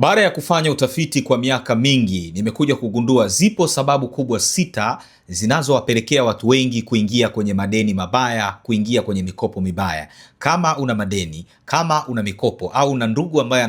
Baada ya kufanya utafiti kwa miaka mingi, nimekuja kugundua zipo sababu kubwa sita zinazowapelekea watu wengi kuingia kwenye madeni mabaya, kuingia kwenye mikopo mibaya. Kama una madeni, kama una mikopo au una ndugu ambaye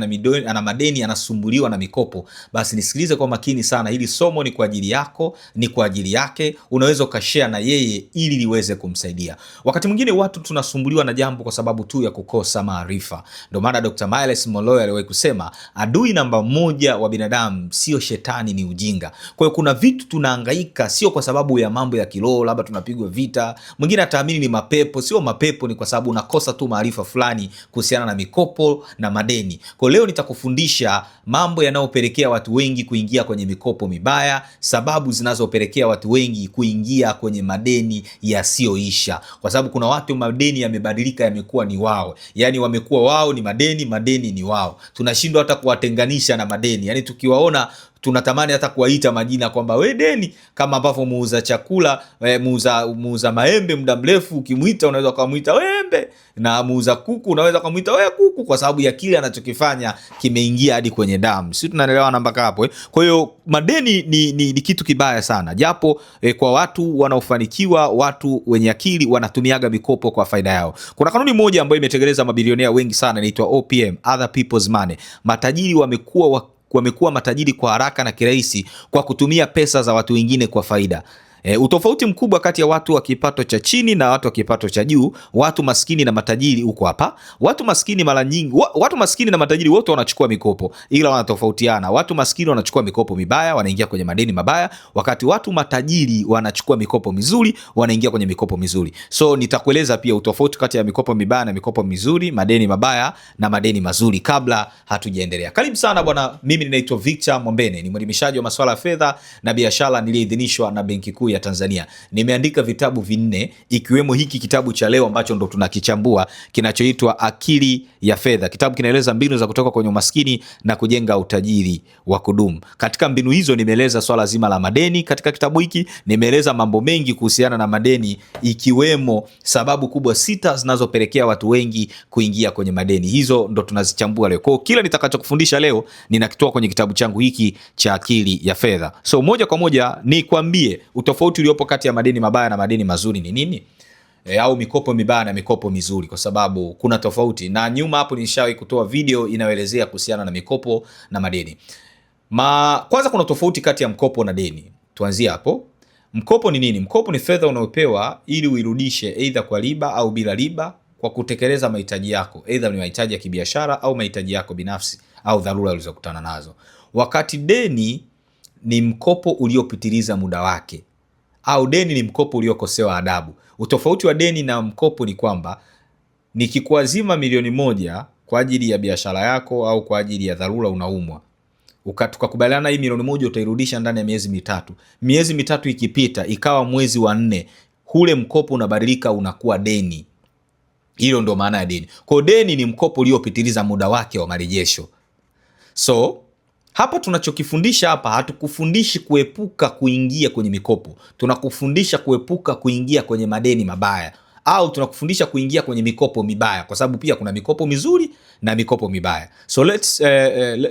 ana madeni, anasumbuliwa na mikopo, basi nisikilize kwa makini sana. Hili somo ni kwa ajili yako, ni kwa ajili yake. Unaweza ukashea na yeye ili liweze kumsaidia. Wakati mwingine watu tunasumbuliwa na jambo kwa sababu tu ya kukosa maarifa. Ndio maana Dr. Miles Monroe aliwahi kusema adui namba moja wa binadamu sio shetani, ni ujinga. Kwa hiyo kuna vitu tunaangaika sio kwa sababu sababu ya mambo ya kiroho, labda tunapigwa vita. Mwingine ataamini ni mapepo. Sio mapepo, ni kwa sababu unakosa tu maarifa fulani kuhusiana na mikopo na madeni. Kwa leo nitakufundisha mambo yanayopelekea watu wengi kuingia kwenye mikopo mibaya, sababu zinazopelekea watu wengi kuingia kwenye madeni yasiyoisha, kwa sababu kuna watu madeni yamebadilika, yamekuwa ni wao, yani wamekuwa wao ni madeni, madeni ni wao. Tunashindwa hata kuwatenganisha na madeni, yani tukiwaona tunatamani hata kuwaita majina kwamba we deni, kama ambavyo muuza chakula e, muuza, muuza maembe muda mrefu ukimwita unaweza ukamwita wembe, na muuza kuku unaweza ukamwita we kuku, kwa sababu ya kile anachokifanya kimeingia hadi kwenye damu. Si tunaelewana mpaka hapo eh? Kwa hiyo madeni ni, ni, ni kitu kibaya sana, japo eh, kwa watu wanaofanikiwa, watu wenye akili wanatumiaga mikopo kwa faida yao. Kuna kanuni moja ambayo imetengeneza mabilionea wengi sana, inaitwa OPM, other people's money. Matajiri wamekuwa wamekuwa matajiri kwa haraka na kirahisi kwa kutumia pesa za watu wengine kwa faida. E, utofauti mkubwa kati ya watu wa kipato cha chini na watu wa kipato cha juu, watu maskini na matajiri huko hapa. Watu maskini mara nyingi wa, watu maskini na matajiri wote wanachukua mikopo, ila wanatofautiana. Watu maskini wanachukua mikopo mibaya, wanaingia kwenye madeni mabaya, wakati watu matajiri wanachukua mikopo mizuri, wanaingia kwenye mikopo mizuri. So nitakueleza pia utofauti kati ya mikopo mibaya na mikopo mizuri, madeni mabaya na madeni mazuri, kabla hatujaendelea. Karibu sana bwana, mimi ninaitwa Victor Mwambene, ni mwelimishaji wa masuala ya fedha na biashara niliyeidhinishwa na Benki Kuu ya Tanzania. Nimeandika vitabu vinne ikiwemo hiki kitabu cha leo ambacho ndo tunakichambua kinachoitwa Akili ya Fedha. Kitabu kinaeleza mbinu za kutoka kwenye umaskini na kujenga utajiri wa kudumu. Katika mbinu hizo nimeeleza swala zima la madeni. Katika kitabu hiki nimeeleza mambo mengi kuhusiana na madeni ikiwemo sababu kubwa sita zinazopelekea watu wengi kuingia kwenye madeni. Hizo ndo tunazichambua leo. Kwa kila nitakachokufundisha leo ninakitoa kwenye kitabu changu hiki cha Akili ya Fedha. So moja kwa moja nikwambie utofauti tofauti uliopo kati ya madeni mabaya na madeni mazuri ni nini? E, au mikopo mibaya na mikopo mizuri, kwa sababu kuna tofauti. Na nyuma hapo nishawahi kutoa video inayoelezea kuhusiana na mikopo na madeni. Ma, kwanza kuna tofauti kati ya mkopo na deni. Tuanzie hapo. Mkopo ni nini? Mkopo ni fedha unayopewa ili uirudishe aidha kwa riba au bila riba kwa kutekeleza mahitaji yako, aidha ni mahitaji ya kibiashara au mahitaji yako binafsi au dharura ulizokutana nazo. Wakati deni ni mkopo uliopitiliza muda wake au deni ni mkopo uliokosewa adabu. Utofauti wa deni na mkopo ni kwamba nikikuazima milioni moja kwa ajili ya biashara yako au kwa ajili ya dharura, unaumwa tukakubaliana hii milioni moja utairudisha ndani ya miezi mitatu. Miezi mitatu ikipita, ikawa mwezi wa nne, ule mkopo unabadilika unakuwa deni. Hilo ndo maana ya deni. Kwa deni ni mkopo uliopitiliza muda wake wa marejesho, so hapa tunachokifundisha hapa, hatukufundishi kuepuka kuingia kwenye mikopo, tunakufundisha kuepuka kuingia kwenye madeni mabaya au tunakufundisha kuingia kwenye mikopo mibaya, kwa sababu pia kuna mikopo mizuri na mikopo mibaya. So let's, uh,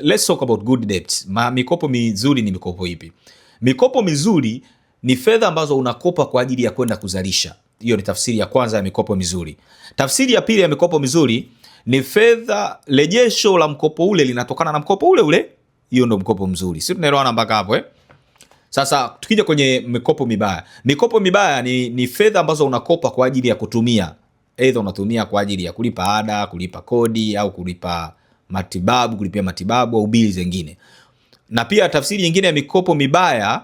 let's talk about good Ma, mikopo mizuri ni mikopo ipi? Mikopo mizuri ni fedha ambazo unakopa kwa ajili ya kwenda kuzalisha. Hiyo ni tafsiri ya kwanza ya mikopo mizuri. Tafsiri ya pili ya mikopo mizuri ni fedha, rejesho la mkopo ule linatokana na mkopo ule ule hiyo ndo mkopo mzuri, si tunaelewana mpaka hapo eh? Sasa tukija kwenye mikopo mibaya, mikopo mibaya ni, ni fedha ambazo unakopa kwa ajili ya kutumia, aidha unatumia kwa ajili ya kulipa ada, kulipa kodi au kulipa matibabu, kulipia matibabu au bili zingine. Na pia tafsiri nyingine ya mikopo mibaya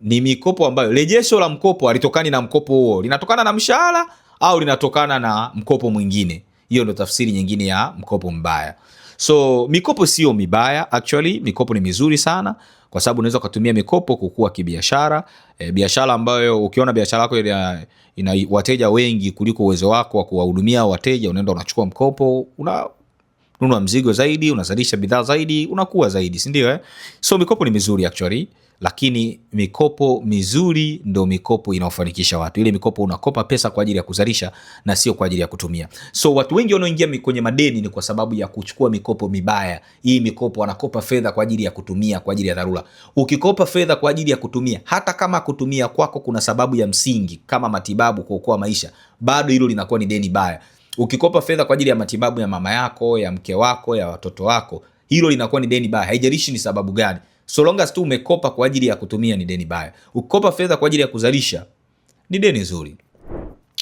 ni mikopo ambayo rejesho la mkopo halitokani na mkopo huo, linatokana na mshahara au linatokana na mkopo mwingine. Hiyo ndio tafsiri nyingine ya mkopo mbaya. So mikopo sio mibaya actually, mikopo ni mizuri sana kwa sababu unaweza ukatumia mikopo kukua kibiashara. E, biashara ambayo ukiona biashara yako ina, ina wateja wengi kuliko uwezo wako wa kuwahudumia wateja, unaenda unachukua mkopo, unanunua mzigo zaidi, unazalisha bidhaa zaidi, unakuwa zaidi, si ndio eh? So mikopo ni mizuri actually lakini mikopo mizuri ndo mikopo inaofanikisha watu. Ile mikopo unakopa pesa kwa ajili ya kuzalisha na sio kwa ajili ya kutumia. So watu wengi wanaoingia kwenye madeni ni kwa sababu ya kuchukua mikopo mibaya. Hii mikopo wanakopa fedha kwa ajili ya kutumia, kwa ajili ya dharura. Ukikopa fedha kwa ajili ya kutumia, hata kama kutumia kwako kuna sababu ya msingi kama matibabu, kuokoa maisha, bado hilo linakuwa ni deni baya. Ukikopa fedha kwa ajili ya matibabu ya mama yako, ya mke wako, ya watoto wako, hilo linakuwa ni deni baya, haijarishi ni sababu gani. So long as tu umekopa kwa ajili ya kutumia ni deni baya. Ukikopa fedha kwa ajili ya kuzalisha ni deni zuri.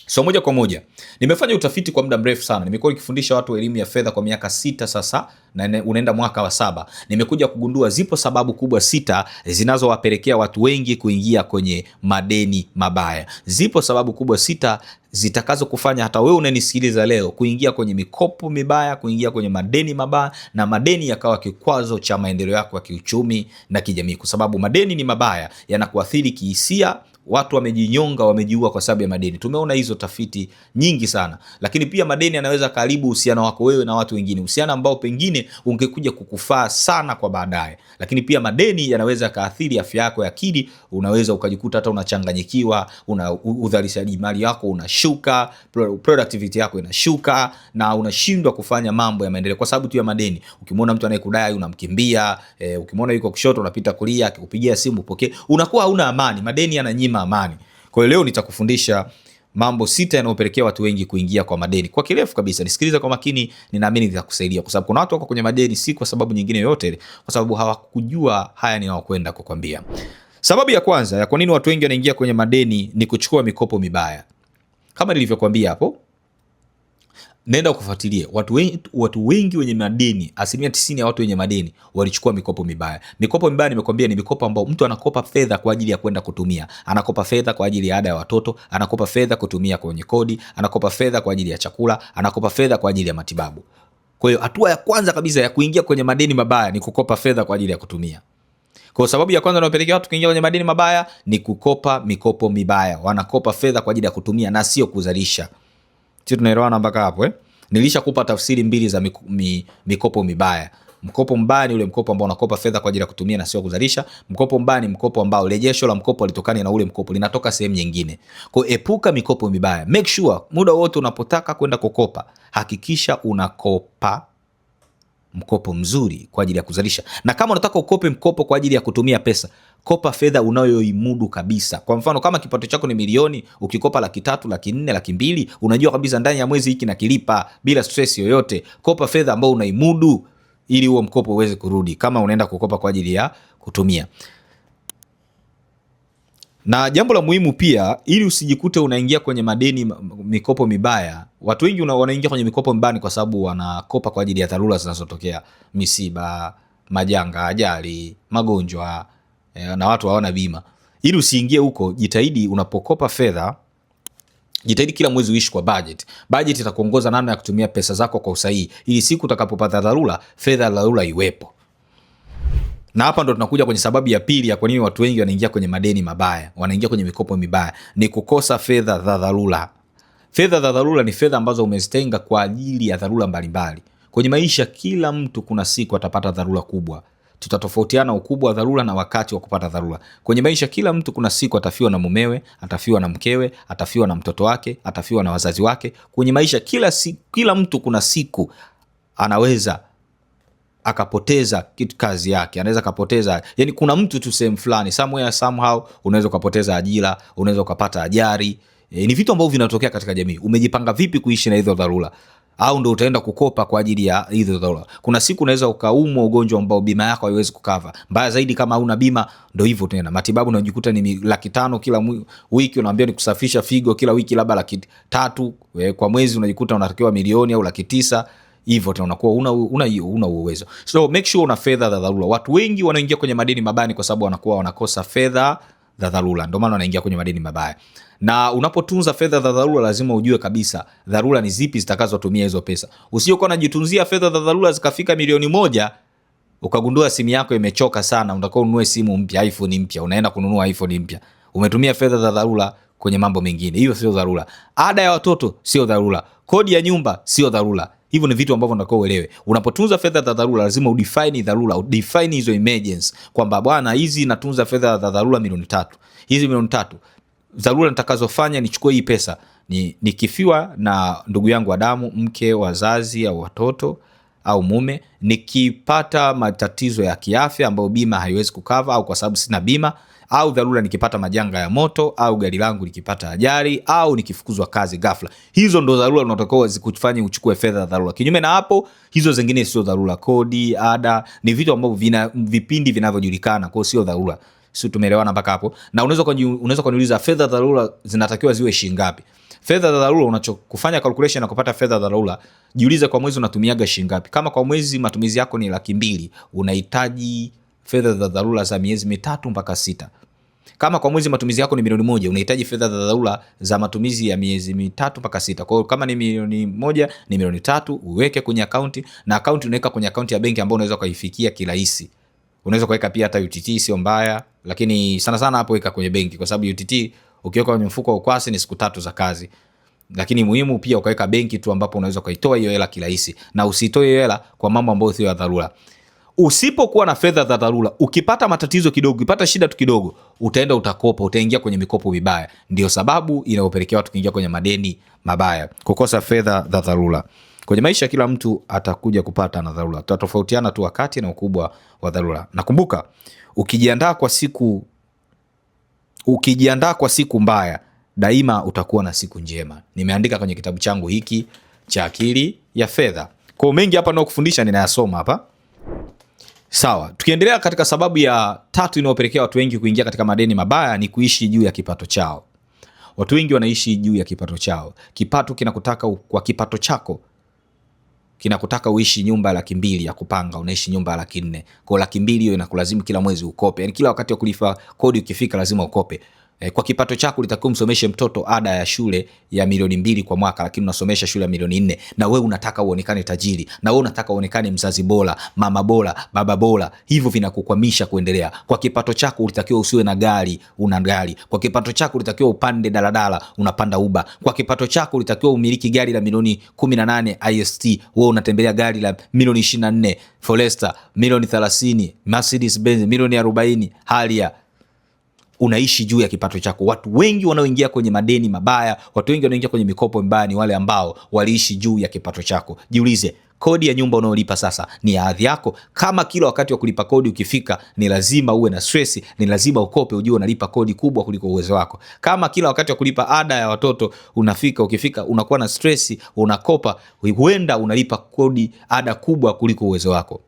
So moja kwa moja nimefanya utafiti kwa muda mrefu sana, nimekuwa nikifundisha watu elimu ya fedha kwa miaka sita sasa na unaenda mwaka wa saba. Nimekuja kugundua zipo sababu kubwa sita zinazowapelekea watu wengi kuingia kwenye madeni mabaya. Zipo sababu kubwa sita zitakazo kufanya hata wewe unanisikiliza leo kuingia kwenye mikopo mibaya, kuingia kwenye madeni mabaya, na madeni yakawa kikwazo cha maendeleo yako ya kiuchumi na kijamii, kwa sababu madeni ni mabaya, yanakuathiri kihisia watu wamejinyonga, wamejiua kwa sababu ya madeni. Tumeona hizo tafiti nyingi sana, lakini pia madeni anaweza karibu uhusiano wako wewe na watu wengine, uhusiano ambao pengine ungekuja kukufaa sana kwa baadaye. Lakini pia madeni yanaweza kaathiri afya yako ya akili, unaweza ukajikuta hata unachanganyikiwa, una udhalishaji mali yako unashuka, productivity yako inashuka, na unashindwa kufanya mambo ya maendeleo kwa sababu tu ya madeni. Ukimwona mtu anayekudai unamkimbia, e, ukimwona yuko kushoto unapita kulia, akikupigia simu pokee unakuwa hauna amani. Madeni yananyima kulima amani. Kwa hiyo leo nitakufundisha mambo sita yanayopelekea watu wengi kuingia kwa madeni kwa kirefu kabisa. Nisikiliza kwa makini, ninaamini nitakusaidia, kwa sababu kuna watu wako kwenye madeni si kwa sababu nyingine yoyote, kwa sababu hawakujua haya ninayokwenda kukwambia. Sababu ya kwanza ya kwa nini watu wengi wanaingia kwenye madeni ni kuchukua mikopo mibaya. Kama nilivyokuambia hapo, nenda kufuatilia watu wengi, watu wengi wenye madeni, asilimia tisini ya watu wenye madeni walichukua mikopo mibaya. Mikopo mibaya nimekwambia, ni mikopo ambao mtu anakopa fedha kwa ajili ya kwenda kutumia, anakopa fedha kwa ajili ya ada ya watoto, anakopa fedha kutumia kwenye kodi, anakopa fedha kwa ajili ya chakula, anakopa fedha kwa ajili ya matibabu. Kwa hiyo hatua ya kwanza kabisa ya kuingia kwenye madeni mabaya ni kukopa fedha kwa ajili ya kutumia. Kwa sababu ya kwanza inayopelekea watu kuingia kwenye madeni mabaya ni kukopa mikopo mibaya, wanakopa fedha kwa ajili ya kutumia na sio kuzalisha si tunaelewana mpaka hapo eh? Nilishakupa tafsiri mbili za miku, mi, mikopo mibaya. Mkopo mbaya ni ule mkopo ambao unakopa fedha kwa ajili ya kutumia na sio kuzalisha. Mkopo mbaya ni mkopo ambao rejesho la mkopo litokane na ule mkopo linatoka sehemu nyingine. Kwa hiyo epuka mikopo mibaya. Make sure muda wote unapotaka kwenda kukopa hakikisha unakopa mkopo mzuri kwa ajili ya kuzalisha. Na kama unataka ukope mkopo kwa ajili ya kutumia pesa, kopa fedha unayoimudu kabisa. Kwa mfano, kama kipato chako ni milioni, ukikopa laki tatu, laki nne, laki mbili, unajua kabisa ndani ya mwezi hiki nakilipa bila stress yoyote. Kopa fedha ambayo unaimudu ili huo mkopo uweze kurudi, kama unaenda kukopa kwa ajili ya kutumia. Na jambo la muhimu pia, ili usijikute unaingia kwenye madeni, mikopo mibaya watu wengi wanaingia kwenye mikopo mbani kwa sababu wanakopa kwa ajili ya dharura zinazotokea, misiba, majanga, ajali, magonjwa eh, na watu hawana bima. Ili usiingie huko, jitahidi unapokopa fedha jitahidi kila mwezi uishi kwa budget. Budget itakuongoza namna ya kutumia pesa zako kwa usahihi, ili siku utakapopata dharura, fedha ya dharura iwepo. Na hapa ndo tunakuja kwenye sababu ya pili ya kwanini watu wengi wanaingia kwenye madeni mabaya, wanaingia kwenye mikopo mibaya, ni kukosa fedha za dharura. Fedha za dharura ni fedha ambazo umezitenga kwa ajili ya dharura mbalimbali kwenye maisha. Kila mtu kuna siku atapata dharura kubwa, tutatofautiana ukubwa wa dharura na wakati wa kupata dharura kwenye maisha. Kila mtu kuna siku atafiwa na mumewe, atafiwa na mkewe, atafiwa na mtoto wake, atafiwa na wazazi wake kwenye maisha. Kila, si, kila mtu kuna siku anaweza akapoteza kitu kazi yake, anaweza akapoteza, yani kuna mtu tu sehemu fulani, somewhere somehow, unaweza ukapoteza ajira, unaweza ukapata ajali. E, ni vitu ambavyo vinatokea katika jamii. Umejipanga vipi kuishi na hizo dharura, au ndo utaenda kukopa kwa ajili ya hizo dharura? Kuna siku unaweza ukaumwa ugonjwa ambao bima yako haiwezi kukava. Mbaya zaidi kama hauna bima, ndo hivyo tena, matibabu unajikuta ni laki tano kila wiki, unaambia ni kusafisha figo kila wiki, labda laki tatu e, kwa mwezi, unajikuta unatakiwa milioni au laki tisa hivyo tena unakuwa una una una uwezo. So make sure una fedha za dharura. Watu wengi wanaingia kwenye madeni mabaya kwa sababu wanakuwa wanakosa fedha za dharura. Ndio maana wanaingia kwenye madeni mabaya. Na unapotunza fedha za dharura, lazima ujue kabisa dharura ni zipi zitakazotumia hizo pesa. Usiokuwa unajitunzia fedha za dharura zikafika milioni moja ukagundua simu yako imechoka sana, unataka ununue simu mpya, iPhone mpya. Unaenda kununua iPhone mpya, umetumia fedha za dharura kwenye mambo mengine. Hiyo sio dharura. Ada ya watoto sio dharura. Kodi ya nyumba sio dharura. Hivyo ni vitu ambavyo nataka uelewe. Unapotunza fedha za dharura, lazima udefine dharura, udefine hizo emergency, kwamba bwana, hizi natunza fedha za dharura milioni tatu, hizi milioni tatu dharura nitakazofanya nichukue hii pesa ni, nikifiwa na ndugu yangu wa damu, mke, wazazi au watoto au mume, nikipata matatizo ya kiafya ambayo bima haiwezi kukava au kwa sababu sina bima au dharura nikipata majanga ya moto au gari langu likipata ajali au nikifukuzwa kazi ghafla. Hizo ndo dharura unatakiwa zikufanye uchukue fedha za dharura. Kinyume na hapo, hizo zingine sio dharura. Kodi, ada ni vitu ambavyo vina vipindi vinavyojulikana, kwa hiyo sio dharura. Sio, tumeelewana mpaka hapo? Na unaweza unaweza kuniuliza fedha za dharura zinatakiwa ziwe shilingi ngapi? Fedha za dharura unachokufanya calculation na kupata fedha za dharura, jiulize kwa mwezi unatumiaga shilingi ngapi? Kama kwa mwezi matumizi yako ni laki mbili, unahitaji fedha za dharura za miezi mitatu mpaka sita. Kama kwa mwezi matumizi yako ni milioni moja, unahitaji fedha za dharura za matumizi ya miezi mitatu mpaka sita. Kwa hiyo kama ni milioni moja, ni milioni tatu uweke kwenye akaunti, na akaunti unaweka kwenye akaunti ya benki ambayo unaweza ukaifikia kirahisi. Unaweza kuweka pia hata UTT, sio mbaya, lakini sana sana hapo weka kwenye benki, kwa sababu UTT ukiweka kwenye mfuko wa ukwasi ni siku tatu za kazi lakini muhimu pia ukaweka benki tu ambapo unaweza ukaitoa hiyo hela kirahisi, na usitoe hiyo hela kwa mambo ambayo sio ya dharura. Usipokuwa na fedha za dharura, ukipata matatizo kidogo, ukipata shida tu kidogo, utaenda utakopa, utaingia kwenye mikopo mibaya. Ndio sababu inayopelekea watu kuingia kwenye madeni mabaya, kukosa fedha za dharura. Kwenye maisha kila mtu atakuja kupata na dharura, tutatofautiana tu wakati na ukubwa wa dharura. Nakumbuka ukijiandaa kwa siku, ukijiandaa kwa siku mbaya, daima utakuwa na siku njema. Nimeandika kwenye kitabu changu hiki cha Akili ya Fedha. Kwa mengi hapa nao kufundisha, ninayasoma hapa Sawa, tukiendelea katika sababu ya tatu inayopelekea watu wengi kuingia katika madeni mabaya ni kuishi juu ya kipato chao. Watu wengi wanaishi juu ya kipato chao. Kipato kinakutaka kwa kipato chako kinakutaka uishi nyumba ya laki mbili ya kupanga, unaishi nyumba ya laki nne. Kwa laki mbili hiyo inakulazimu kila mwezi ukope, yani kila wakati wa kulipa kodi ukifika lazima ukope. E, kwa kipato chako ulitakiwa umsomeshe mtoto ada ya shule ya milioni mbili kwa mwaka, lakini unasomesha shule ya milioni nne na wewe unataka uonekane tajiri, na wewe unataka uonekane mzazi bora, mama bora, baba bora. Hivyo vinakukwamisha kuendelea. Kwa kipato chako ulitakiwa usiwe na gari, una gari. Kwa kipato chako ulitakiwa upande daladala, unapanda Uber. Kwa kipato chako ulitakiwa umiliki gari la milioni 18 ist, wewe unatembelea gari la milioni 24, Forester milioni 30, Mercedes Benz milioni 40, Harrier unaishi juu ya kipato chako. Watu wengi wanaoingia kwenye madeni mabaya, watu wengi wanaoingia kwenye mikopo mbaya ni wale ambao waliishi juu ya kipato chako. Jiulize, kodi ya nyumba unayolipa sasa ni ya adhi yako? Kama kila wakati wa kulipa kodi ukifika ni lazima uwe na stress, ni lazima ukope, ujue unalipa kodi kubwa kuliko uwezo wako. Kama kila wakati wa kulipa ada ya watoto unafika, ukifika unakuwa na stress, unakopa, huenda unalipa kodi ada kubwa kuliko uwezo wako.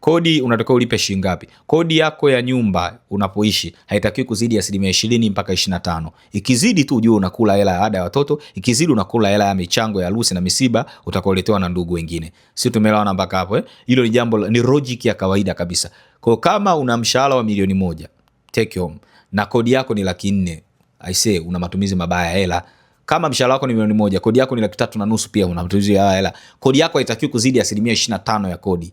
Kodi unatakiwa ulipe shilingi ngapi? Kodi yako ya nyumba unapoishi haitakiwi kuzidi asilimia ishirini mpaka ishirina tano. Ikizidi tu juu unakula hela ya ada ya watoto, ikizidi unakula hela ya michango ya harusi na misiba utakaoletewa na ndugu wengine. Si tumelaona mpaka hapo eh? Hilo ni jambo, ni logic ya kawaida kabisa. ko kama una mshahara wa milioni moja take home na kodi yako ni laki nne, aise una matumizi mabaya ya hela kama mshahara wako ni milioni moja, kodi yako ni laki tatu na nusu, pia una matumizi ya hela. Kodi yako haitakiwi kuzidi asilimia ishirini na tano ya kodi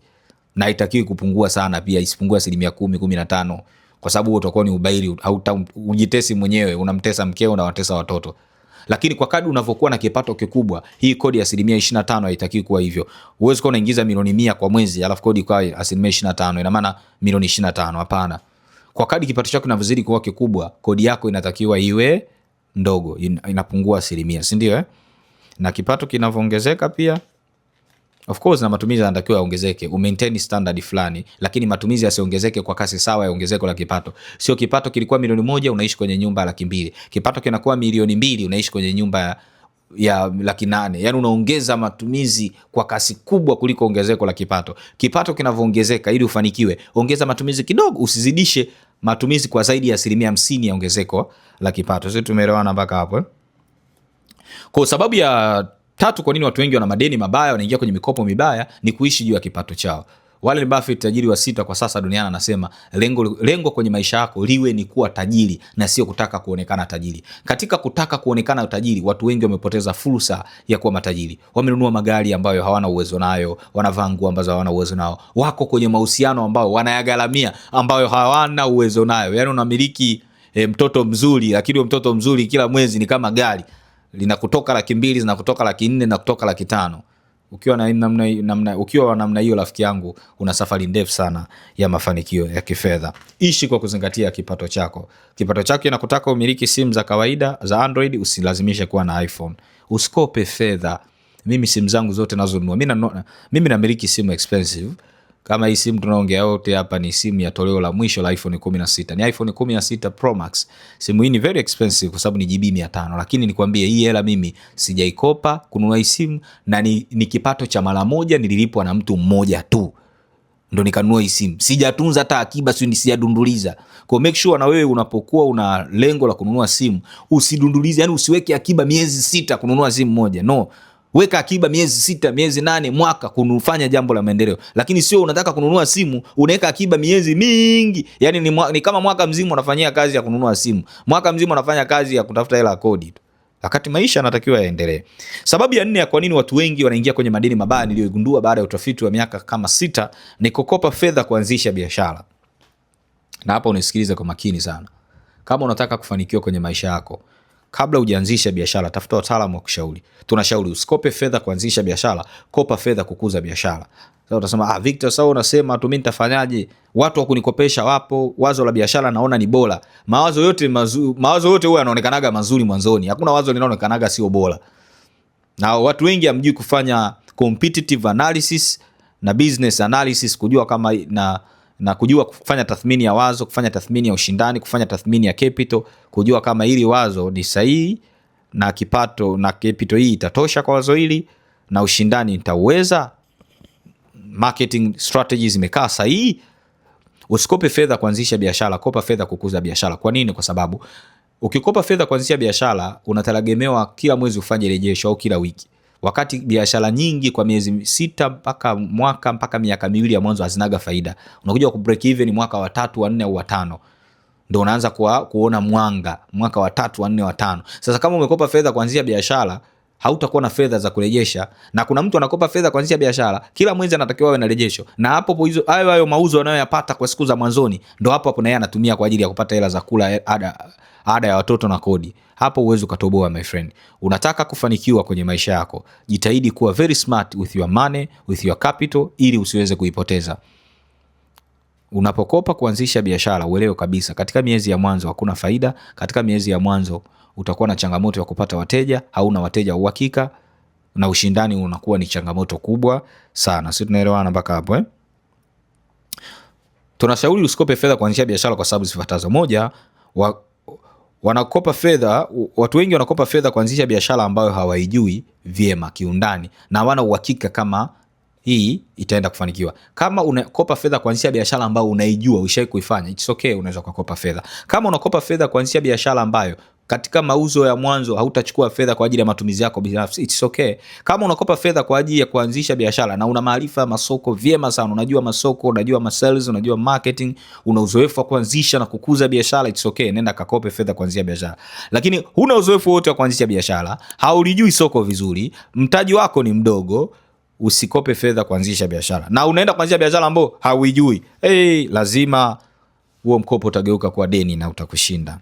na itakiwi kupungua sana pia, isipungue asilimia kumi kumi na tano kwa sababu huo utakuwa ni ubairi, ujitesi mwenyewe, unamtesa mkeo na watesa watoto. Lakini kwa kadri unavyokuwa na kipato kikubwa, hii kodi ya asilimia tano haitakiwi kuwa hivyo. Huwezi kuwa unaingiza milioni mia kwa mwezi alafu kodi kwa asilimia 25, ina maana milioni tano. Hapana, kwa kadri kipato chako kinavyozidi kuwa kikubwa, kodi yako inatakiwa iwe ndogo, inapungua asilimia, si ndio eh? na kipato kinavyoongezeka pia Of course na matumizi yanatakiwa yaongezeke, umaintain standard fulani, lakini matumizi yasiongezeke kwa kasi sawa ya ongezeko la kipato. Sio kipato kilikuwa milioni moja unaishi kwenye nyumba ya laki mbili, kipato kinakuwa milioni mbili unaishi kwenye nyumba ya ya laki nane. Yani unaongeza matumizi kwa kasi kubwa kuliko ongezeko la kipato. Kipato kinavyoongezeka, ili ufanikiwe, ongeza matumizi kidogo, usizidishe matumizi kwa zaidi ya asilimia hamsini ya ongezeko la kipato. Sisi tumeelewana mpaka hapo eh? Kwa sababu ya Tatu, kwa nini watu wengi wana madeni mabaya, wanaingia kwenye mikopo mibaya? Ni kuishi juu ya kipato chao. Warren Buffett, tajiri wa sita kwa sasa duniani, anasema lengo, lengo kwenye maisha yako liwe ni kuwa tajiri na sio kutaka kuonekana tajiri. Katika kutaka kuonekana tajiri, watu wengi wamepoteza fursa ya kuwa matajiri. Wamenunua magari ambayo hawana uwezo nayo, wanavaa nguo ambazo hawana uwezo nao, wako kwenye mahusiano ambayo wanayagharamia ambayo hawana uwezo nayo. Yani unamiliki e, mtoto mzuri, lakini mtoto mzuri kila mwezi ni kama gari linakutoka laki mbili zinakutoka laki nne na kutoka laki tano ukiwa na namna, namna, ukiwa wa namna hiyo, rafiki yangu, una safari ndefu sana ya mafanikio ya kifedha. Ishi kwa kuzingatia kipato chako. Kipato chako inakutaka umiliki simu za kawaida za Android, usilazimishe kuwa na iPhone. Usikope fedha. Mimi simu zangu zote nazonunua mimi, namiliki simu expensive kama hii simu tunaongea yote hapa ni simu ya toleo la mwisho la iPhone 16. Ni iPhone 16 Pro Max. Simu hii ni very expensive kwa sababu ni GB 500, lakini nikwambie hii hela mimi sijaikopa kununua hii simu na ni, ni kipato cha mara moja nililipwa na mtu mmoja tu ndo nikanunua hii simu, sijatunza hata akiba, sijadunduliza. Kwa make sure na wewe unapokuwa una lengo la kununua simu usidundulize, yani usiweke akiba miezi sita kununua simu moja, no Weka akiba miezi sita, miezi nane, mwaka kunufanya jambo la maendeleo, lakini sio unataka kununua simu unaweka akiba miezi mingi. Yaani ni, ni kama mwaka mzima unafanyia kazi ya kununua simu, mwaka mzima unafanya kazi ya kutafuta hela ya kodi tu, wakati maisha yanatakiwa yaendelee. Sababu ya nne ya kwa nini watu wengi wanaingia kwenye madeni mabaya niliyoigundua baada ya utafiti wa miaka kama sita ni kukopa fedha kuanzisha biashara. Na hapa unisikilize kwa makini sana, kama unataka kufanikiwa kwenye maisha yako Kabla hujaanzisha biashara, tafuta wataalamu wa kushauri. Tunashauri usikope fedha kuanzisha biashara, kopa fedha kukuza biashara. Sasa utasema ah, Victor, unasema Watu wakunikopesha wapo, wazo la biashara naona ni bora. Mawazo yote mazuri, mawazo yote huwa yanaonekanaga mazuri mwanzoni. Hakuna wazo linaonekanaga sio bora. Na watu wengi amjui kufanya competitive analysis na business analysis kujua kama na na kujua kufanya tathmini ya wazo, kufanya tathmini ya ushindani, kufanya tathmini ya capital, kujua kama hili wazo ni sahihi na kipato na capital hii itatosha kwa wazo hili na ushindani nitauweza. Marketing strategies zimekaa sahihi. Usikope fedha kuanzisha biashara, kopa fedha kukuza biashara. Kwa nini? Kwa sababu ukikopa fedha kuanzisha biashara unategemewa kila mwezi ufanye rejesho au kila wiki. Wakati biashara nyingi kwa miezi sita mpaka mwaka mpaka miaka miwili ya mwanzo hazinaga faida, unakuja ku break even mwaka wa tatu, wa nne au watano ndo unaanza kuona mwanga mwaka wa tatu, wa nne, wa tano. Sasa kama umekopa fedha kuanzia biashara hautakuwa na fedha za kurejesha. Na kuna mtu anakopa fedha kuanzisha biashara, kila mwezi anatakiwa awe na rejesho, na hapo hizo hayo hayo mauzo anayoyapata kwa siku za mwanzoni, ndo hapo hapo naye anatumia kwa ajili ya kupata hela za kula ada, ada ya watoto na kodi. Hapo huwezi ukatoboa my friend. Unataka kufanikiwa kwenye maisha yako, jitahidi kuwa very smart with your money, with your capital, ili usiweze kuipoteza. Unapokopa kuanzisha biashara, uelewe kabisa, katika miezi ya mwanzo hakuna faida, katika miezi ya mwanzo utakuwa na changamoto ya kupata wateja, hauna wateja uhakika na ushindani unakuwa ni changamoto kubwa sana. Sisi tunaelewana mpaka hapo eh? Tunashauri usikope fedha kuanzisha biashara kwa sababu zifuatazo. Moja, wa, wanakopa fedha, watu wengi wanakopa fedha kuanzisha biashara ambayo hawaijui vyema kiundani na hawana uhakika kama hii itaenda kufanikiwa. Kama unakopa fedha kuanzisha biashara ambayo unaijua ushai kuifanya, it's okay, unaweza kukopa fedha. Kama unakopa fedha kuanzisha biashara ambayo katika mauzo ya mwanzo hautachukua fedha kwa ajili ya matumizi yako binafsi. It's okay. Kama unakopa fedha kwa ajili ya kuanzisha biashara na una maarifa ya masoko vyema sana, unajua masoko, unajua masales, unajua marketing, una uzoefu wa kuanzisha na kukuza biashara, it's okay, nenda kakope fedha kuanzia biashara. Lakini huna uzoefu wote wa kuanzisha biashara, haulijui soko vizuri, mtaji wako ni mdogo, usikope fedha kuanzisha biashara, na unaenda kuanzisha biashara ambayo hauijui, hey, lazima huo mkopo utageuka kuwa deni na utakushinda.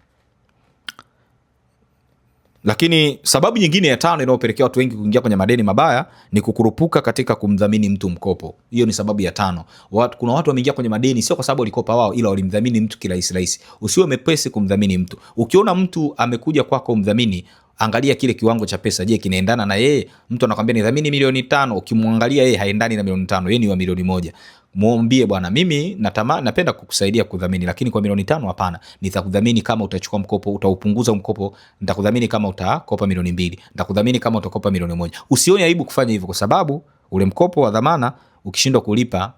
Lakini sababu nyingine ya tano inayopelekea watu wengi kuingia kwenye madeni mabaya ni kukurupuka katika kumdhamini mtu mkopo. Hiyo ni sababu ya tano. Wat, kuna watu wameingia kwenye madeni sio kwa sababu walikopa wao, ila walimdhamini mtu kirahisi rahisi. Usiwe mepesi kumdhamini mtu. Ukiona mtu amekuja kwako umdhamini, angalia kile kiwango cha pesa. Je, kinaendana na yeye? Mtu anakwambia dhamini milioni tano, ukimwangalia yeye haendani na milioni tano, yeye ni wa milioni moja. Mwambie bwana, mimi natama, napenda kukusaidia kudhamini, lakini kwa milioni tano hapana. Nitakudhamini kama utachukua mkopo, utaupunguza mkopo, nitakudhamini kama utakopa milioni mbili, nitakudhamini kama utakopa milioni moja. Usione aibu kufanya hivyo, kwa sababu ule mkopo wa dhamana ukishindwa kulipa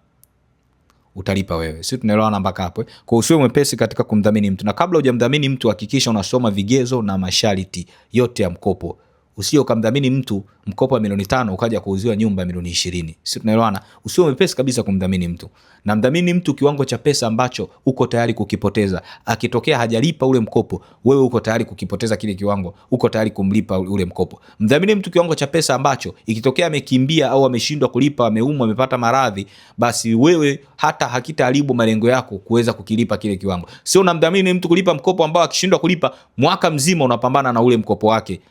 utalipa wewe, si tunaelewana mpaka hapo eh? Kwa usiwe mwepesi katika kumdhamini mtu, na kabla hujamdhamini mtu hakikisha unasoma vigezo na masharti yote ya mkopo usio ukamdhamini mtu mkopo wa milioni tano ukaja kuuziwa nyumba ya milioni ishirini. Sisi tunaelewana, usio mepesi kabisa kumdhamini mtu. Namdhamini mtu kiwango cha pesa ambacho uko tayari kukipoteza. Akitokea hajalipa ule mkopo, wewe uko tayari kukipoteza kile kiwango, uko tayari kumlipa ule mkopo. Mdhamini mtu kiwango cha pesa ambacho ikitokea amekimbia au ameshindwa kulipa, ameumwa, amepata maradhi, basi wewe hata hakitaharibu malengo yako kuweza kukilipa kile kiwango. Sio unamdhamini mtu kulipa mkopo ambao akishindwa kulipa, mwaka mzima unapambana na ule mkopo wake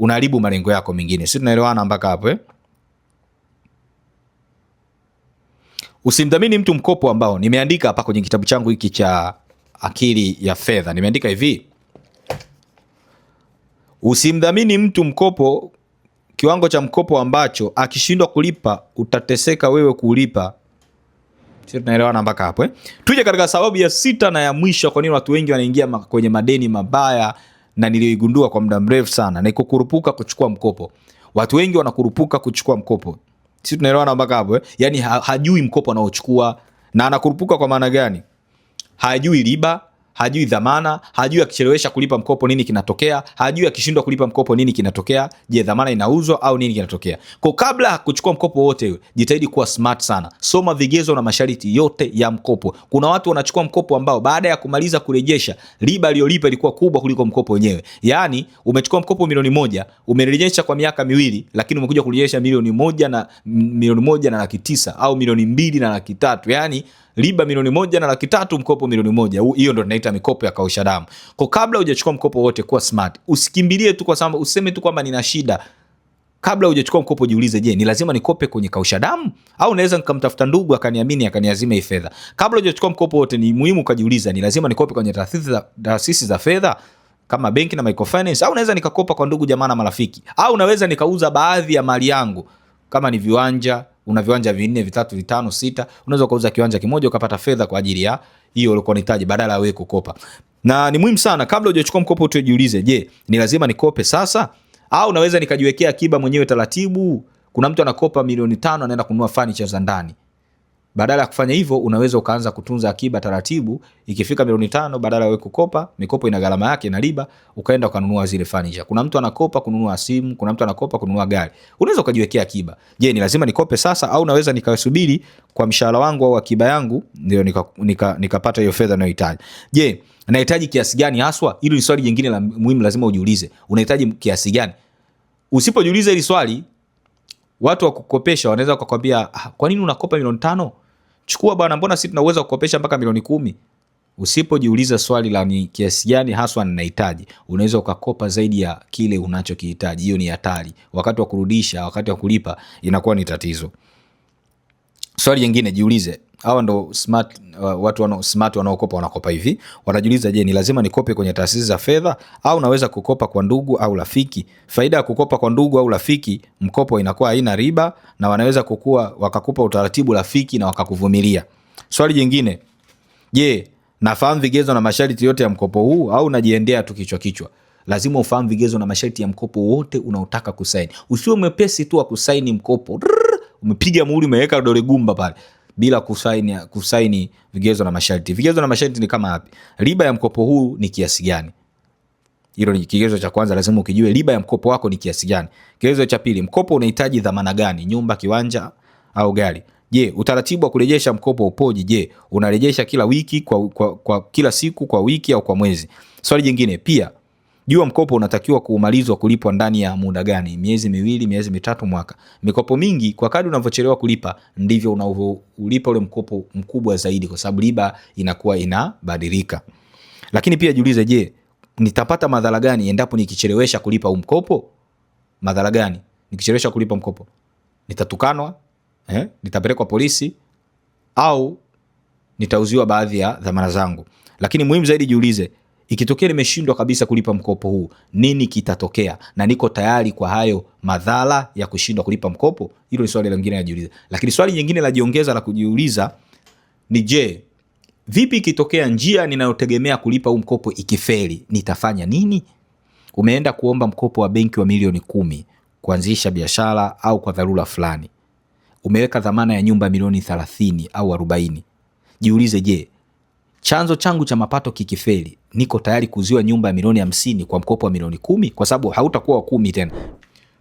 unaharibu malengo yako mengine. Si tunaelewana mpaka hapo eh? Usimdhamini mtu mkopo ambao nimeandika hapa kwenye kitabu changu hiki cha akili ya fedha, nimeandika hivi: usimdhamini mtu mkopo kiwango cha mkopo ambacho akishindwa kulipa utateseka wewe kulipa. Si tunaelewana mpaka hapo eh? Tuje katika sababu ya sita na ya mwisho, kwa nini watu wengi wanaingia kwenye madeni mabaya na niliyoigundua kwa muda mrefu sana, na ikukurupuka kuchukua mkopo. Watu wengi wanakurupuka kuchukua mkopo, si tunaelewana mpaka hapo eh? Yani hajui mkopo anaochukua, na anakurupuka kwa maana gani? Hajui riba, hajui dhamana, hajui akichelewesha kulipa mkopo nini kinatokea, hajui akishindwa kulipa mkopo nini kinatokea. Je, dhamana inauzwa au nini kinatokea? Kwa kabla kuchukua mkopo wote, jitahidi kuwa smart sana, soma vigezo na masharti yote ya mkopo. Kuna watu wanachukua mkopo ambao baada ya kumaliza kurejesha riba aliyolipa ilikuwa kubwa kuliko mkopo wenyewe. Yaani umechukua mkopo milioni moja, umerejesha kwa miaka miwili, lakini umekuja kurejesha milioni moja na milioni moja na laki tisa au milioni mbili na laki tatu yaani riba milioni moja na laki tatu, mkopo milioni moja. Hiyo ndo tunaita mikopo ya kausha damu. Kwa kabla hujachukua mkopo wote, kuwa smart, usikimbilie tu kwa sababu useme tu kwamba nina shida Kabla hujachukua mkopo jiulize, je, ni lazima nikope kwenye kausha damu au naweza nikamtafuta ndugu akaniamini akaniazima hii fedha? Kabla hujachukua mkopo wote, ni muhimu ukajiuliza, ni lazima nikope kwenye taasisi za fedha kama benki na microfinance, au naweza nikakopa kwa ndugu jamaa na marafiki, au naweza nikauza baadhi ya mali yangu kama ni viwanja una viwanja vinne vitatu vitano sita, unaweza ukauza kiwanja kimoja ukapata fedha kwa ajili ya hiyo ulikuwa unahitaji, badala ya wewe kukopa. Na ni muhimu sana, kabla hujachukua mkopo, tujiulize, je, ni lazima nikope sasa au naweza nikajiwekea akiba mwenyewe taratibu? Kuna mtu anakopa milioni tano anaenda kununua fanicha za ndani. Badala ya kufanya hivyo, unaweza ukaanza kutunza akiba taratibu. Ikifika milioni tano, badala ya kukopa, mikopo ina gharama yake na riba, ukaenda ukanunua zile furniture. Kuna mtu anakopa kununua simu, kuna mtu anakopa kununua gari. Unaweza ukajiwekea akiba. Je, ni lazima nikope sasa au naweza nikasubiri kwa mshahara wangu au akiba yangu ndio nikapata nika, nika hiyo fedha ninayohitaji? Je, nahitaji kiasi gani haswa? Hilo ni swali jingine la muhimu, lazima ujiulize, unahitaji kiasi gani? Usipojiuliza hili swali watu wa kukopesha wanaweza kukwambia, ah, kwa nini unakopa milioni tano? Chukua bwana, mbona sisi tuna uwezo wa kukopesha mpaka milioni kumi. Usipojiuliza swali la ni kiasi gani haswa ninahitaji, unaweza ukakopa zaidi ya kile unachokihitaji. Hiyo ni hatari. Wakati wa kurudisha, wakati wa kulipa inakuwa ni tatizo. Swali jingine jiulize, hawa ndo smart, uh, watu wana smart wanaokopa wanakopa hivi. Wanajiuliza, je, ni lazima nikope kwenye taasisi za fedha au naweza kukopa kwa ndugu au rafiki? Faida ya kukopa kwa ndugu au rafiki, mkopo inakuwa haina riba na wanaweza kukua wakakupa utaratibu rafiki na wakakuvumilia. Swali jingine, je, nafahamu vigezo na masharti yote ya mkopo huu au najiendea tu kichwa kichwa? Lazima ufahamu vigezo na masharti ya mkopo wote unaotaka kusaini. Usiwe mwepesi tu wa kusaini mkopo, umepiga muhuri, umeweka dole gumba pale bila kusaini, kusaini vigezo na masharti. Vigezo na masharti ni kama yapi? Riba ya mkopo huu ni kiasi gani? Hilo ni kigezo cha kwanza, lazima ukijue riba ya mkopo wako ni kiasi gani. Kigezo cha pili, mkopo unahitaji dhamana gani? Nyumba, kiwanja au gari? Je, utaratibu wa kurejesha mkopo upoje? Je, unarejesha kila wiki kwa, kwa, kwa kila siku, kwa wiki au kwa mwezi? Swali jingine pia jua mkopo unatakiwa kumalizwa kulipwa ndani ya muda gani, miezi miwili, miezi mitatu, mwaka. Mikopo mingi kwa kadri unavyochelewa kulipa ndivyo unavyoulipa ule mkopo mkubwa zaidi, kwa sababu riba inakuwa inabadilika. Lakini pia jiulize, je, nitapata madhara gani endapo nikichelewesha kulipa huu mkopo? Madhara gani nikichelewesha kulipa mkopo? Nitatukanwa eh? Nitapelekwa polisi au nitauziwa baadhi ya dhamana zangu. Lakini muhimu zaidi, jiulize Ikitokea limeshindwa kabisa kulipa mkopo huu, nini kitatokea? Na niko tayari kwa hayo madhara ya kushindwa kulipa mkopo? Hilo ni swali lingine la kujiuliza. Lakini swali jingine la jiongeza la kujiuliza ni je, vipi ikitokea njia ninayotegemea kulipa huu mkopo ikifeli, nitafanya nini? Umeenda kuomba mkopo wa benki wa milioni kumi kuanzisha biashara au kwa dharura fulani, umeweka dhamana ya nyumba milioni thelathini au arobaini. Jiulize, je, chanzo changu cha mapato kikifeli niko tayari kuuziwa nyumba ya milioni hamsini kwa mkopo wa milioni kumi kwa sababu hautakuwa wa kumi tena.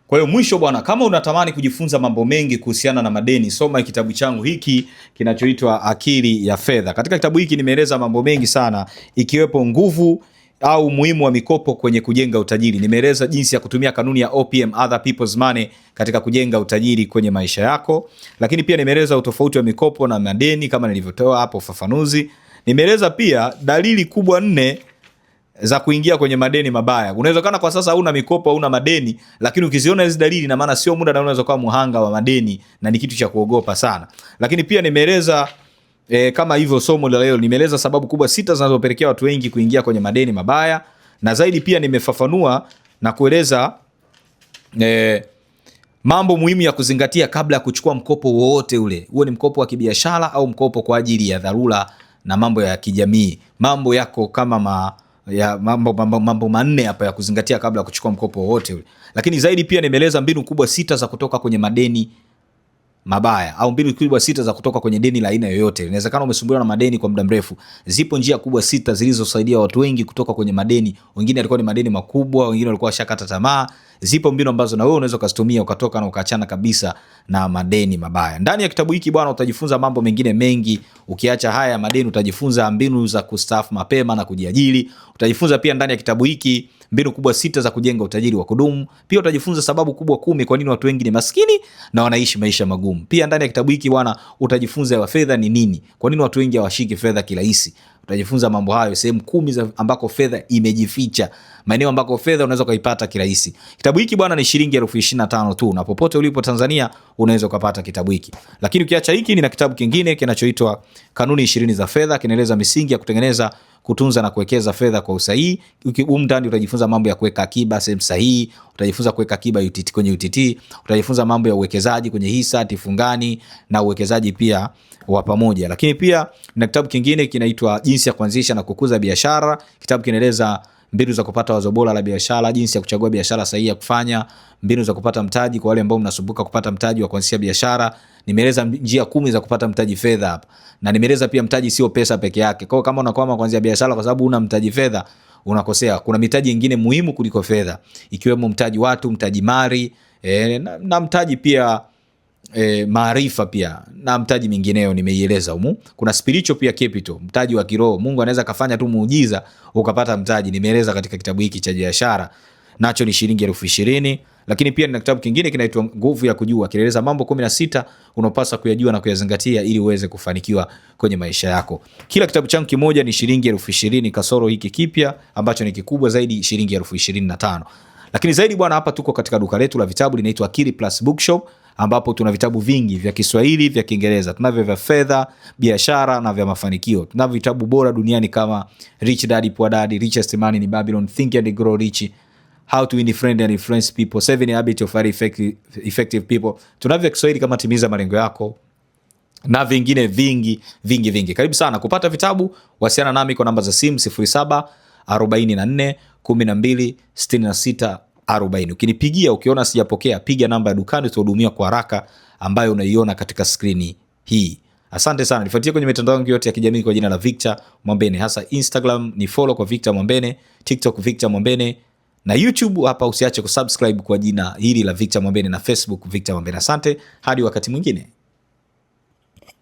Kwa hiyo mwisho, bwana, kama unatamani kujifunza mambo mengi kuhusiana na madeni, soma kitabu changu hiki kinachoitwa Akili ya Fedha. Katika kitabu hiki nimeeleza mambo mengi sana, ikiwepo nguvu au umuhimu wa mikopo kwenye kujenga utajiri. Nimeeleza jinsi ya kutumia kanuni ya OPM, other people's money, katika kujenga utajiri kwenye maisha yako, lakini pia nimeeleza utofauti wa mikopo na madeni kama nilivyotoa hapo ufafanuzi. Nimeeleza pia dalili kubwa nne za kuingia kwenye madeni mabaya. Unawezekana kwa sasa huna mikopo, huna madeni, lakini ukiziona hizi dalili, na maana sio muda na unaweza kuwa muhanga wa madeni na ni kitu cha kuogopa sana. Lakini pia nimeeleza e, kama hivyo somo la leo nimeeleza sababu kubwa sita zinazopelekea watu wengi kuingia kwenye madeni mabaya, na zaidi pia nimefafanua na kueleza e, mambo muhimu ya kuzingatia kabla ya kuchukua mkopo wowote ule, huo ni mkopo wa kibiashara au mkopo kwa ajili ya dharura na mambo ya kijamii. Mambo yako kama ma, ya mambo, mambo, mambo manne hapa ya kuzingatia kabla ya kuchukua mkopo wowote ule. Lakini zaidi pia nimeeleza mbinu kubwa sita za kutoka kwenye madeni mabaya au mbinu kubwa sita za kutoka kwenye deni la aina yoyote. Inawezekana umesumbuliwa na madeni kwa muda mrefu. Zipo njia kubwa sita zilizosaidia watu wengi kutoka kwenye madeni. Wengine walikuwa ni madeni makubwa, wengine walikuwa washakata tamaa, zipo mbinu ambazo na wewe unaweza ukazitumia ukatoka na ukaachana kabisa na madeni mabaya. Ndani ya kitabu hiki bwana, utajifunza mambo mengine mengi. Ukiacha haya madeni, utajifunza mbinu za kustaafu mapema na kujiajiri. Utajifunza pia ndani ya kitabu hiki mbinu kubwa sita za kujenga utajiri wa kudumu. Pia utajifunza sababu kubwa kumi kwa nini watu wengi ni maskini na wanaishi maisha magumu. Pia ndani ya kitabu hiki bwana, utajifunza fedha ni nini, kwa nini watu wengi hawashiki fedha kirahisi. Utajifunza mambo hayo, sehemu kumi ambako fedha imejificha, maeneo ambako fedha unaweza ukaipata kirahisi. Kitabu hiki bwana ni shilingi elfu ishirini na tano tu, na popote ulipo Tanzania unaweza ukapata kitabu hiki. Lakini ukiacha hiki, nina kitabu kingine kinachoitwa Kanuni ishirini za Fedha, kinaeleza misingi ya kutengeneza kutunza na kuwekeza fedha kwa usahihi. Humu ndani utajifunza mambo ya kuweka akiba sehemu sahihi, utajifunza kuweka akiba UTT, kwenye UTT utajifunza mambo ya uwekezaji kwenye hisa, tifungani na uwekezaji pia wa pamoja. Lakini pia na kitabu kingine kinaitwa jinsi ya kuanzisha na kukuza biashara. Kitabu kinaeleza mbinu za kupata wazo bora la biashara, jinsi ya kuchagua biashara sahihi ya kufanya, mbinu za kupata mtaji kwa wale ambao mnasumbuka kupata mtaji wa kuanzisha biashara. Nimeeleza njia kumi za kupata mtaji fedha hapa, na nimeeleza pia mtaji sio pesa peke yake. Kwa kama unakwama kuanzia biashara kwa sababu una mtaji fedha, unakosea. Kuna mitaji ingine muhimu kuliko fedha, ikiwemo mtaji watu, mtaji mali e, na, na mtaji pia E, maarifa pia na mtaji mingineyo nimeieleza humu. Kuna spiritual pia capital, mtaji wa kiroho. Mungu anaweza kafanya tu muujiza ukapata mtaji, nimeeleza katika kitabu hiki cha biashara, nacho ni shilingi elfu ishirini. Lakini pia nina kitabu kingine kinaitwa Nguvu ya Kujua, kinaeleza mambo kumi na sita unaopaswa kuyajua na kuyazingatia ili uweze kufanikiwa kwenye maisha yako. Kila kitabu changu kimoja ni shilingi elfu ishirini kasoro hiki kipya ambacho ni kikubwa zaidi, shilingi elfu ishirini na tano. Lakini zaidi bwana, hapa tuko katika duka letu la vitabu linaitwa Akili Plus Bookshop ambapo tuna vitabu vingi vya Kiswahili, vya Kiingereza, tunavyo vya fedha, biashara na vya mafanikio. Tunavyo vitabu bora duniani kama Rich Dad Poor Dad, Richest Man in Babylon, Think and Grow Rich how to win friend and influence people, seven habits of very effective, effective people, tunavyo Kiswahili kama timiza malengo yako na vingine vingi vingi vingi. Karibu sana kupata vitabu, wasiana nami kwa namba za simu 07 44 Ukinipigia ukiona sijapokea, piga namba ya dukani, utahudumia kwa haraka ambayo unaiona katika skrini hii. Asante sana, nifuatie kwenye mitandao yangu yote ya kijamii kwa jina la Victor Mwambene, hasa Instagram ni follow kwa Victor Mwambene, TikTok Victor Mwambene na YouTube hapa usiache kusubscribe kwa jina hili la Victor Mwambene na Facebook Victor Mwambene. Asante, hadi wakati mwingine.